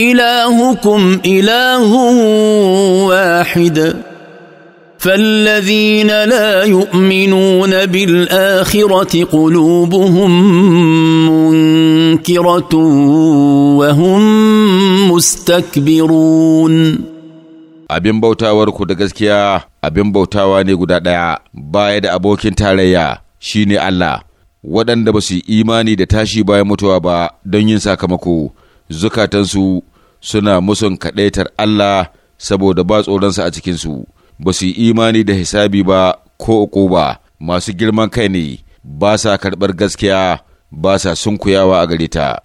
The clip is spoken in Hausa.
الهكم اله واحد فالذين لا يؤمنون بالاخره قلوبهم منكره وهم مستكبرون abin bautawarku da gaskiya abin bautawa ne guda ɗaya baya da abokin tarayya shine Allah waɗanda ba su yi imani da tashi bayan mutuwa ba don yin sakamako zukatansu suna musun kaɗaitar Allah saboda ba tsoronsa a cikinsu, ba su yi imani da hisabi ba ko uku ba, masu girman kai ne, ba sa karɓar gaskiya, ba sa sunkuyawa a gare ta.